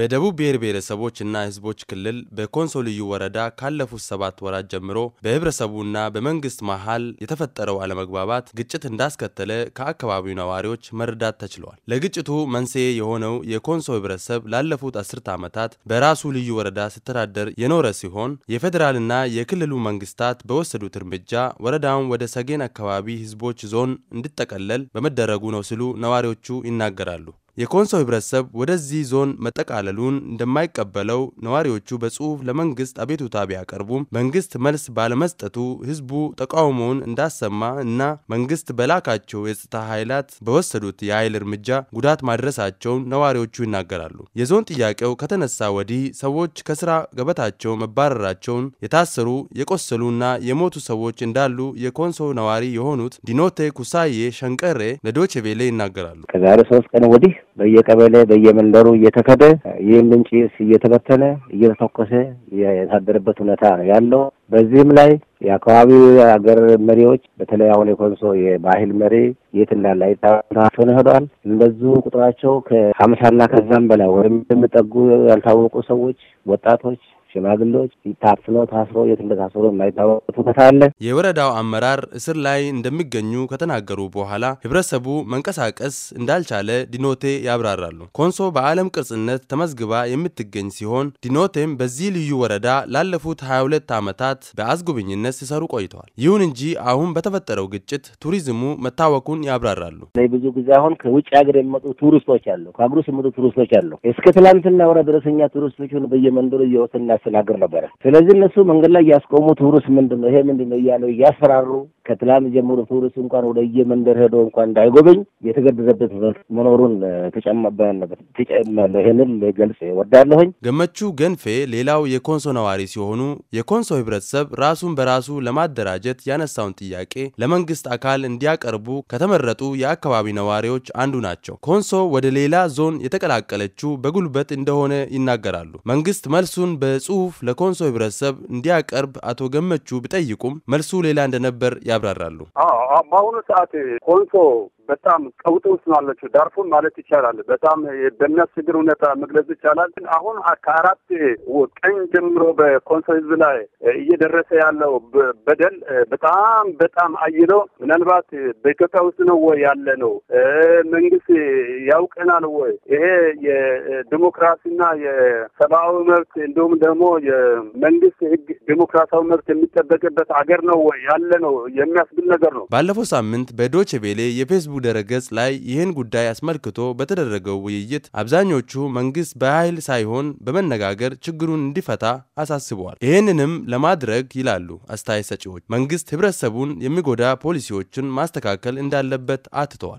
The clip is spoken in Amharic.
በደቡብ ብሔር ብሔረሰቦች እና ሕዝቦች ክልል በኮንሶ ልዩ ወረዳ ካለፉት ሰባት ወራት ጀምሮ በህብረተሰቡና በመንግስት መሀል የተፈጠረው አለመግባባት ግጭት እንዳስከተለ ከአካባቢው ነዋሪዎች መረዳት ተችሏል። ለግጭቱ መንስኤ የሆነው የኮንሶ ህብረተሰብ ላለፉት አስርት ዓመታት በራሱ ልዩ ወረዳ ስተዳደር የኖረ ሲሆን የፌዴራልና የክልሉ መንግስታት በወሰዱት እርምጃ ወረዳውን ወደ ሰጌን አካባቢ ሕዝቦች ዞን እንዲጠቀለል በመደረጉ ነው ሲሉ ነዋሪዎቹ ይናገራሉ። የኮንሶ ህብረተሰብ ወደዚህ ዞን መጠቃለሉን እንደማይቀበለው ነዋሪዎቹ በጽሑፍ ለመንግስት አቤቱታ ቢያቀርቡም መንግስት መልስ ባለመስጠቱ ህዝቡ ተቃውሞውን እንዳሰማ እና መንግስት በላካቸው የጸጥታ ኃይላት በወሰዱት የኃይል እርምጃ ጉዳት ማድረሳቸውን ነዋሪዎቹ ይናገራሉ። የዞን ጥያቄው ከተነሳ ወዲህ ሰዎች ከስራ ገበታቸው መባረራቸውን፣ የታሰሩ የቆሰሉና የሞቱ ሰዎች እንዳሉ የኮንሶ ነዋሪ የሆኑት ዲኖቴ ኩሳዬ ሸንቀሬ ለዶቼ ቬሌ ይናገራሉ። ከዛሬ ሶስት ቀን ወዲህ በየቀበሌ በየመንደሩ እየተከደ ይህንን ጭስ እየተበተነ እየተተኮሰ የታደረበት ሁኔታ ነው ያለው። በዚህም ላይ የአካባቢው የሀገር መሪዎች በተለይ አሁን የኮንሶ የባህል መሪ የት እንዳለ አይታወቅም ሄደዋል። እንደዙ ቁጥራቸው ከሀምሳና ከዛም በላይ ወይም የምጠጉ ያልታወቁ ሰዎች፣ ወጣቶች ሽማግሌዎች ታፍነው ታስሮ የት እንደታስሮ የማይታወቁ ከታለ የወረዳው አመራር እስር ላይ እንደሚገኙ ከተናገሩ በኋላ ህብረተሰቡ መንቀሳቀስ እንዳልቻለ ዲኖቴ ያብራራሉ። ኮንሶ በዓለም ቅርጽነት ተመዝግባ የምትገኝ ሲሆን ዲኖቴም በዚህ ልዩ ወረዳ ላለፉት 22 ዓመታት በአስጎብኝነት ሲሰሩ ቆይተዋል። ይሁን እንጂ አሁን በተፈጠረው ግጭት ቱሪዝሙ መታወኩን መሆኑን ያብራራሉ። ብዙ ጊዜ አሁን ከውጭ ሀገር የሚመጡ ቱሪስቶች አሉ፣ ከሀገር ውስጥ የሚመጡ ቱሪስቶች አሉ። እስከ ትላንትና ወረ ድረሰኛ ቱሪስቶች በየመንደሩ እየወሰን እናስተናግር ነበረ። ስለዚህ እነሱ መንገድ ላይ ያስቆሙ ቱሪስት ምንድን ነው ይሄ ምንድን ነው እያለው እያስፈራሩ ከትላንት ጀምሮ ቱሪስት እንኳን ወደ የመንደር ሄዶ እንኳን እንዳይጎበኝ የተገደደበት መኖሩን ተጨማበያለበት ተጨማለ ይህንን ገልጽ ወዳለሁኝ። ገመቹ ገንፌ ሌላው የኮንሶ ነዋሪ ሲሆኑ የኮንሶ ህብረተሰብ ራሱን በራሱ ለማደራጀት ያነሳውን ጥያቄ ለመንግስት አካል እንዲያቀርቡ ከተመረጡ የአካባቢ ነዋሪዎች አንዱ ናቸው። ኮንሶ ወደ ሌላ ዞን የተቀላቀለችው በጉልበት እንደሆነ ይናገራሉ። መንግስት መልሱን በጽሁፍ ለኮንሶ ህብረተሰብ እንዲያቀርብ አቶ ገመቹ ቢጠይቁም መልሱ ሌላ እንደነበር ያ ያብራራሉ። በአሁኑ ሰዓት ኮንሶ በጣም ቀውጥ ውስጥ ነው አለችው ዳርፉር ማለት ይቻላል። በጣም በሚያስቸግር ሁኔታ መግለጽ ይቻላል። አሁን ከአራት ቀን ጀምሮ በኮንሶ ህዝብ ላይ እየደረሰ ያለው በደል በጣም በጣም አይሎ ምናልባት በኢትዮጵያ ውስጥ ነው ወይ ያለ ነው መንግስት ያውቀናል ወይ ይሄ የዲሞክራሲና የሰብአዊ መብት እንዲሁም ደግሞ የመንግስት ህግ ዲሞክራሲያዊ መብት የሚጠበቅበት አገር ነው ወይ ያለ ነው የሚያስብል ነገር ነው። ባለፈው ሳምንት በዶች ቤሌ የፌስቡክ ድረገጽ ላይ ይህን ጉዳይ አስመልክቶ በተደረገው ውይይት አብዛኞቹ መንግስት በኃይል ሳይሆን በመነጋገር ችግሩን እንዲፈታ አሳስበዋል። ይህንንም ለማድረግ ይላሉ አስተያየት ሰጪዎች መንግስት ህብረተሰቡን የሚጎዳ ፖሊሲዎችን ማስተካከል እንዳለበት አትተዋል።